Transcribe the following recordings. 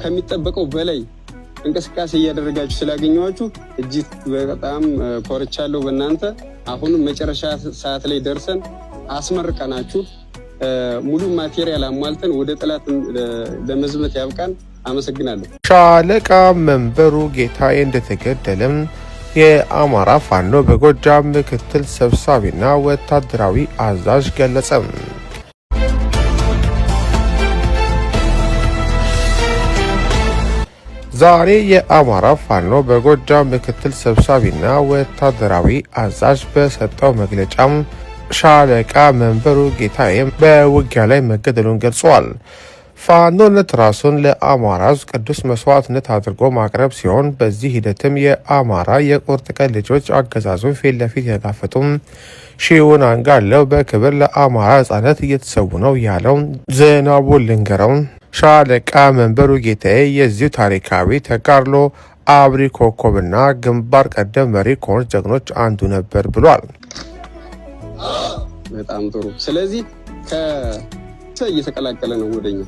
ከሚጠበቀው በላይ እንቅስቃሴ እያደረጋችሁ ስላገኘኋችሁ እጅግ በጣም ኮርቻለሁ በእናንተ። አሁንም መጨረሻ ሰዓት ላይ ደርሰን አስመርቀናችሁ ሙሉ ማቴሪያል አሟልተን ወደ ጥላት ለመዝመት ያብቃን። አመሰግናለሁ። ሻለቃ መንበሩ ጌታዬ እንደተገደለም የአማራ ፋኖ በጎጃም ምክትል ሰብሳቢና ወታደራዊ አዛዥ ገለጸም። ዛሬ የአማራ ፋኖ በጎጃም ምክትል ሰብሳቢና ወታደራዊ አዛዥ በሰጠው መግለጫ ሻለቃ መንበሩ ጌታዬም በውጊያ ላይ መገደሉን ገልጿል። ፋኖነት ራሱን ለአማራ ሕዝብ ቅዱስ መስዋዕትነት አድርጎ ማቅረብ ሲሆን በዚህ ሂደትም የአማራ የቁርጥ ቀን ልጆች አገዛዙ ፊት ለፊት ያጋፈጡም ሺውን አንጋለው በክብር ለአማራ ህጻነት እየተሰዉ ነው ያለው ዝናቡ ልንገረው ሻለቃ መንበሩ ጌታዬ የዚሁ ታሪካዊ ተጋድሎ አብሪ ኮከብና ግንባር ቀደም መሪ ከሆኑት ጀግኖች አንዱ ነበር ብሏል። በጣም ጥሩ። ስለዚህ እየተቀላቀለ ነው ወደኛ።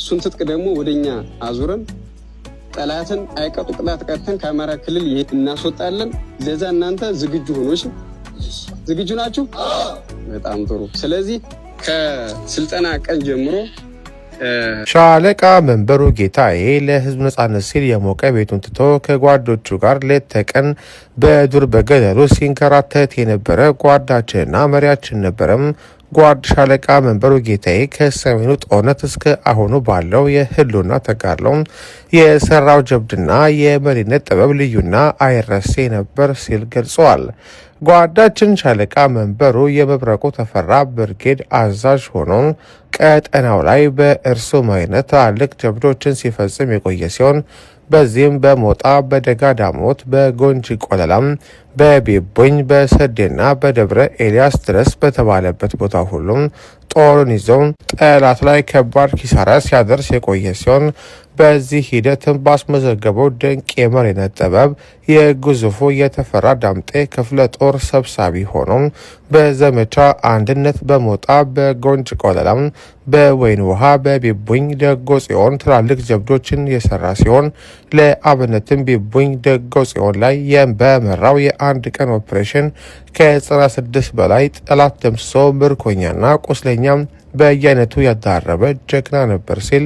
እሱን ትጥቅ ደግሞ ወደኛ አዙረን ጠላትን አይቀጡ ቅጣት ቀጥተን ከአማራ ክልል እናስወጣለን። ለዛ እናንተ ዝግጁ ሆኖች ዝግጁ ናችሁ? በጣም ጥሩ። ስለዚህ ከስልጠና ቀን ጀምሮ ሻለቃ መንበሩ ጌታዬ ለህዝብ ነጻነት ሲል የሞቀ ቤቱን ትቶ ከጓዶቹ ጋር ሌት ተቀን በዱር በገደሉ ሲንከራተት የነበረ ጓዳችንና መሪያችን ነበረም። ጓድ ሻለቃ መንበሩ ጌታዬ ከሰሜኑ ጦርነት እስከ አሁኑ ባለው የህልውና ተጋድሎ የሰራው ጀብድና የመሪነት ጥበብ ልዩና አይረሴ ነበር ሲል ገልጸዋል። ጓዳችን ሻለቃ መንበሩ የመብረቁ ተፈራ ብርጌድ አዛዥ ሆኖ ቀጠናው ላይ በእርሱ መሪነት ትላልቅ ጀብዶችን ሲፈጽም የቆየ ሲሆን በዚህም በሞጣ በደጋ ዳሞት በጎንጂ ቆለላም በቤቦኝ በሰዴና በደብረ ኤልያስ ድረስ በተባለበት ቦታ ሁሉም ጦሩን ይዘው ጠላት ላይ ከባድ ኪሳራ ሲያደርስ የቆየ ሲሆን በዚህ ሂደትም ባስመዘገበው ድንቅ የመሪነት ጥበብ የግዙፉ የተፈራ ዳምጤ ክፍለ ጦር ሰብሳቢ ሆኖም በዘመቻ አንድነት በሞጣ በጎንጅ ቆለላም በወይን ውሃ በቢቡኝ ደጎ ጽዮን ትላልቅ ጀብዶችን የሰራ ሲሆን ለአብነትም ቢቡኝ ደጎ ጽዮን ላይ በመራው የአንድ ቀን ኦፕሬሽን ከ ስድስት በላይ ጠላት ደምስሶ ምርኮኛና ቁስለኛም በየአይነቱ ያዳረበ ጀግና ነበር ሲል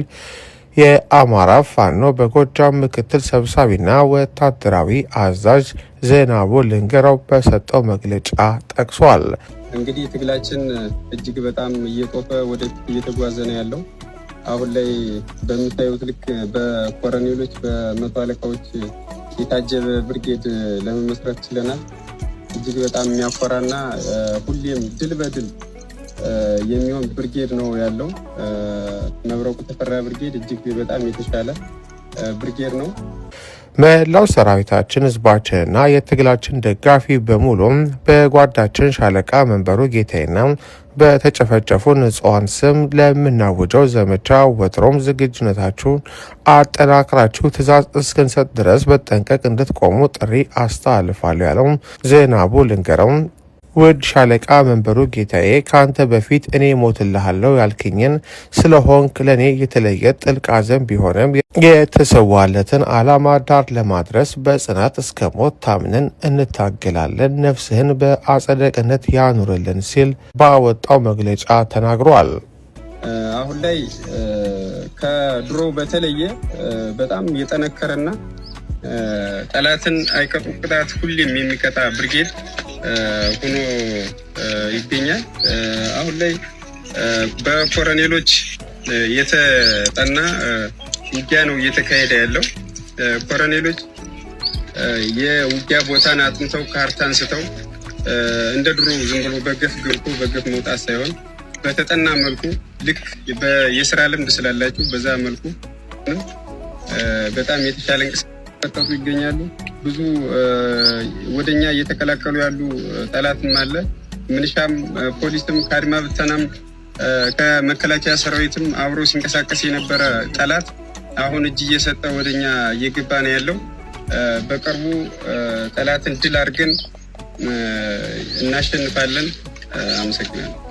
የአማራ ፋኖ በጎጃም ምክትል ሰብሳቢና ወታደራዊ አዛዥ ዜናቡ ልንገራው በሰጠው መግለጫ ጠቅሷል። እንግዲህ ትግላችን እጅግ በጣም እየጦፈ ወደፊት እየተጓዘ ነው ያለው። አሁን ላይ በምታዩት ልክ በኮረኔሎች በመቶ አለቃዎች የታጀበ ብርጌድ ለመመስረት ችለናል። እጅግ በጣም የሚያኮራና ሁሌም ድል በድል የሚሆን ብርጌድ ነው ያለው። መብረቁ ተፈራ ብርጌድ እጅግ በጣም የተሻለ ብርጌድ ነው። መላው ሰራዊታችን ህዝባችንና የትግላችን ደጋፊ በሙሉም በጓዳችን ሻለቃ መንበሩ ጌታዬና በተጨፈጨፉ ንጹሐን ስም ለምናውጀው ዘመቻ ወትሮም ዝግጁነታችሁን አጠናክራችሁ ትእዛዝ እስክንሰጥ ድረስ በጠንቀቅ እንድትቆሙ ጥሪ አስተላልፋለሁ ያለው ዝናቡ ልንገረው ውድ ሻለቃ መንበሩ ጌታዬ ከአንተ በፊት እኔ ሞትልሃለሁ ያልክኝን ስለሆንክ ለእኔ የተለየ ጥልቅ ሐዘን ቢሆንም የተሰዋለትን ዓላማ ዳር ለማድረስ በጽናት እስከ ሞት ታምነን እንታገላለን። ነፍስህን በአጸደቅነት ያኑርልን ሲል ባወጣው መግለጫ ተናግሯል። አሁን ላይ ከድሮ በተለየ በጣም የጠነከረና ጠላትን አይቀጡ ቅጣት ሁሌም የሚቀጣ ብርጌድ ሆኖ ይገኛል። አሁን ላይ በኮረኔሎች የተጠና ውጊያ ነው እየተካሄደ ያለው። ኮረኔሎች የውጊያ ቦታን አጥንተው ካርታ አንስተው እንደ ድሮ ዝም ብሎ በገፍ ገብቶ በገፍ መውጣት ሳይሆን በተጠና መልኩ ልክ የስራ ልምድ ስላላችሁ በዛ መልኩ በጣም የተሻለ እንቅስቃሴ እየተጠቀሱ ይገኛሉ። ብዙ ወደኛ እየተቀላቀሉ ያሉ ጠላትም አለ። ምንሻም፣ ፖሊስም፣ ከአድማ ብተናም ከመከላከያ ሰራዊትም አብሮ ሲንቀሳቀስ የነበረ ጠላት አሁን እጅ እየሰጠ ወደኛ እየገባ ነው ያለው። በቅርቡ ጠላትን ድል አድርገን እናሸንፋለን። አመሰግናለሁ።